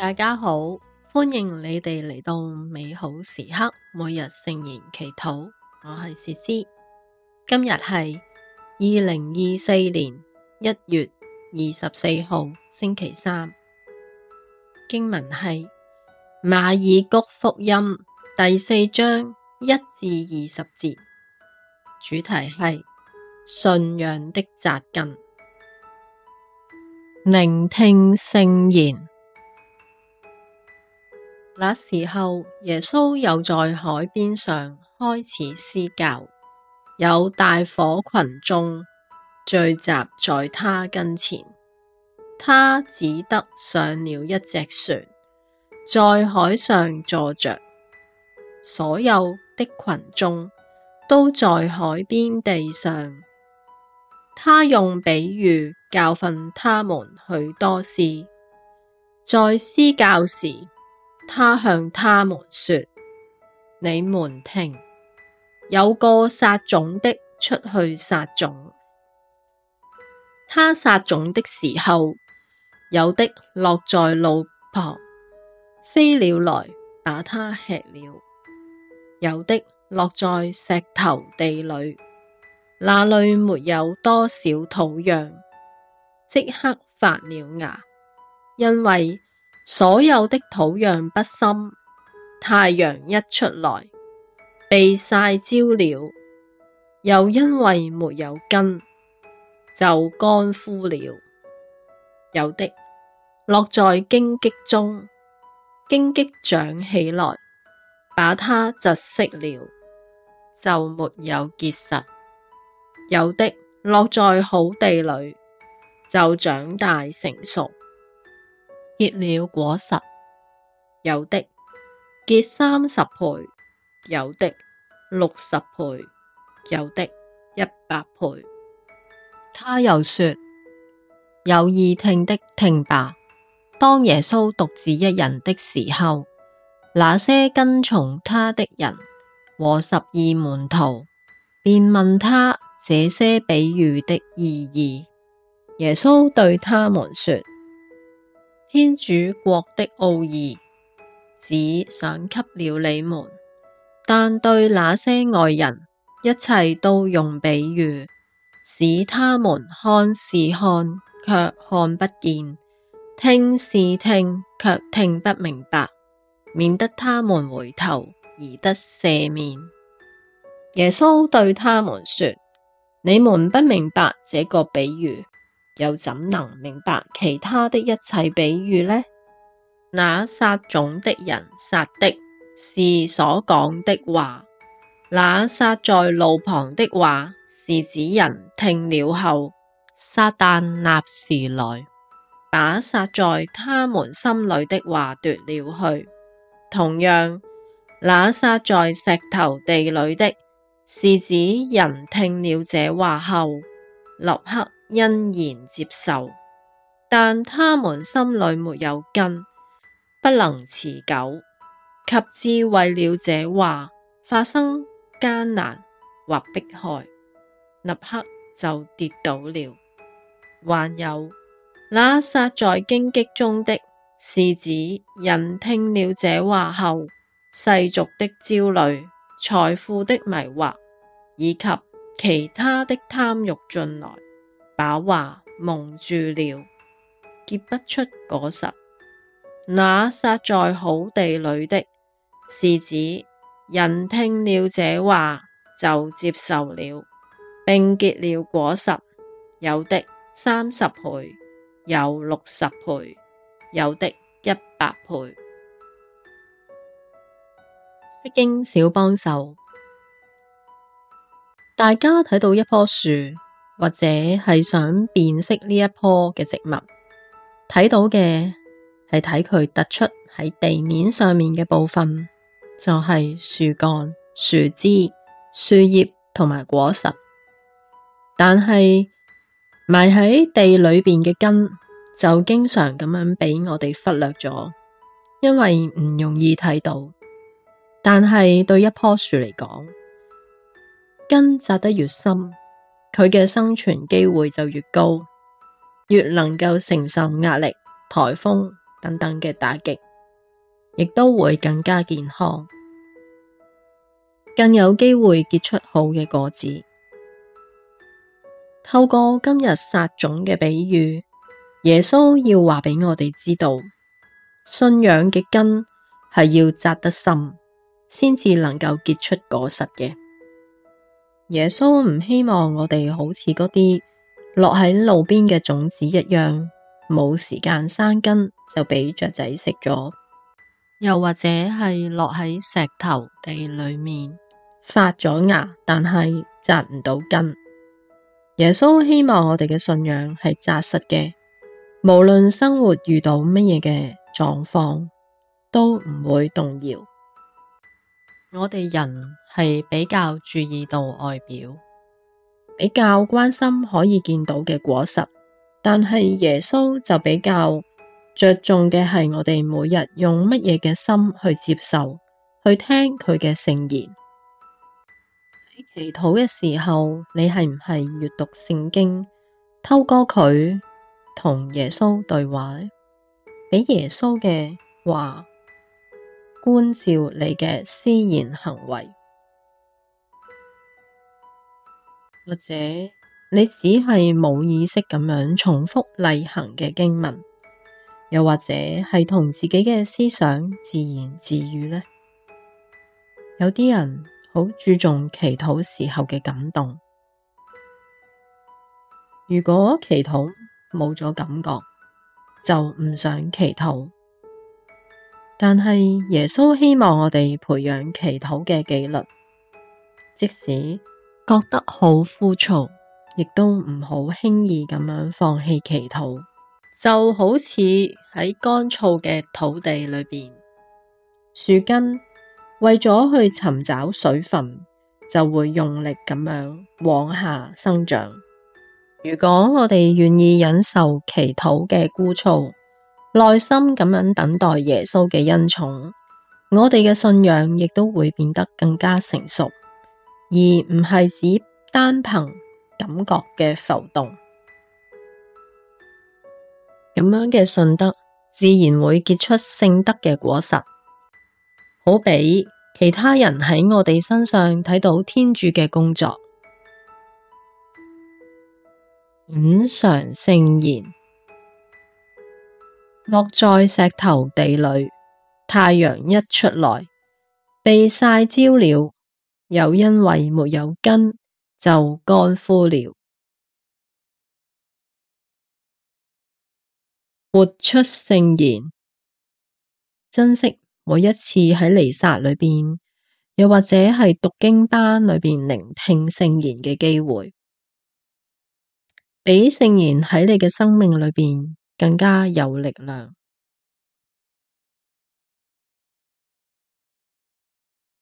大家好，歡迎你哋嚟到美好時刻，每日聖言祈禱。我係詩詩，今日係二零二四年一月二十四號星期三。經文係馬爾谷福音第四章一至二十節，主題係信仰的紮根。聆聽聖言。那時候，耶穌又在海邊上開始施教，有大伙群眾聚集在他跟前，他只得上了一隻船，在海上坐着，所有的群眾都在海邊地上。他用比喻教訓他們許多事，在施教時。他向他們說：你們聽，有個撒種的出去撒種。他撒種的時候，有的落在路旁，飛鳥來把它吃了；有的落在石頭地裏，那裏沒有多少土壤，即刻發了芽，因為。所有的土壤不深，太陽一出來，被曬焦了，又因為沒有根，就乾枯了。有的落在荊棘中，荊棘長起來，把它窒息了，就沒有結實。有的落在好地裏，就長大成熟。結了果實，有的結三十倍，有的六十倍，有的一百倍。他又說：有耳聽的聽罷。當耶穌獨自一人的時候，那些跟從他的人和十二門徒便問他這些比喻的意義。耶穌對他們說：天主國的奧義，只賞給了你們，但對那些外人，一切都用比喻，使他們看是看，卻看不見；聽是聽，卻聽不明白，免得他們回頭而得赦免。耶穌對他們說：你們不明白這個比喻。又怎能明白其他的一切比喻呢？那撒種的人撒的是所講的話，那撒在路旁的話是指人聽了後，撒殫立時來把撒在他們心裏的話奪了去。同樣，那撒在石頭地裏的是指人聽了這話後，立刻。欣然接受，但他們心裏沒有根，不能持久。及至為了這話發生艱難或迫害，立刻就跌倒了。還有那撒在荊棘中的是指人聽了這話後，世俗的焦慮、財富的迷惑以及其他的貪慾進來。把話蒙住了，結不出果實。那撒在好地裏的是指人聽了這話就接受了，並結了果實。有的三十倍，有六十倍，有的一百倍。釋經小幫手，大家睇到一棵樹。或者係想辨識呢一棵嘅植物，睇到嘅係睇佢突出喺地面上面嘅部分，就係樹幹、樹枝、樹葉同埋果實。但係埋喺地裏邊嘅根就經常咁樣俾我哋忽略咗，因為唔容易睇到。但係對一棵樹嚟講，根扎得越深。佢嘅生存機會就越高，越能夠承受壓力、颱風等等嘅打擊，亦都會更加健康，更有機會結出好嘅果子。透過今日撒種嘅比喻，耶穌要話畀我哋知道，信仰嘅根係要扎得深，先至能夠結出果實嘅。耶穌唔希望我哋好似嗰啲落喺路邊嘅種子一樣，冇時間生根就畀雀仔食咗，又或者係落喺石頭地裏面發咗芽，但係扎唔到根。耶穌希望我哋嘅信仰係扎實嘅，無論生活遇到乜嘢嘅狀況，都唔會動搖。我哋人係比較注意到外表，比較關心可以見到嘅果實，但係耶穌就比較着重嘅係我哋每日用乜嘢嘅心去接受，去聽佢嘅聖言。喺祈禱嘅時候，你係唔係閱讀聖經，透過佢同耶穌對話呢？俾耶穌嘅話，觀照你嘅思言行為，或者你只係冇意識咁樣重複例行嘅經文，又或者係同自己嘅思想自言自語呢？有啲人好注重祈禱時候嘅感動，如果祈禱冇咗感覺，就唔想祈禱。但係耶穌希望我哋培養祈禱嘅紀律，即使覺得好枯燥，亦都唔好輕易咁樣放棄祈禱。就好似喺乾燥嘅土地裏邊，樹根為咗去尋找水分，就會用力咁樣往下生長。如果我哋願意忍受祈禱嘅枯燥，耐心咁樣等待耶穌嘅恩寵，我哋嘅信仰亦都會變得更加成熟，而唔係只單憑感覺嘅浮動。咁樣嘅信德，自然會結出聖德嘅果實，好俾其他人喺我哋身上睇到天主嘅工作。品嚐聖言。落在石頭地裏，太陽一出來，被曬焦了；又因為沒有根，就乾枯了。活出聖言，珍惜每一次喺彌撒裏邊，又或者係讀經班裏邊聆聽聖言嘅機會，畀聖言喺你嘅生命裏邊。更加有力量，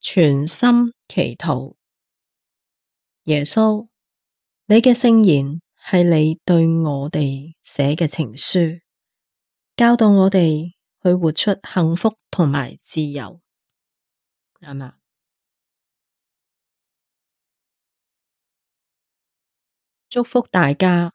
全心祈禱。耶穌，你嘅聖言係你對我哋寫嘅情書，教導我哋去活出幸福同埋自由。阿媽吧，祝福大家。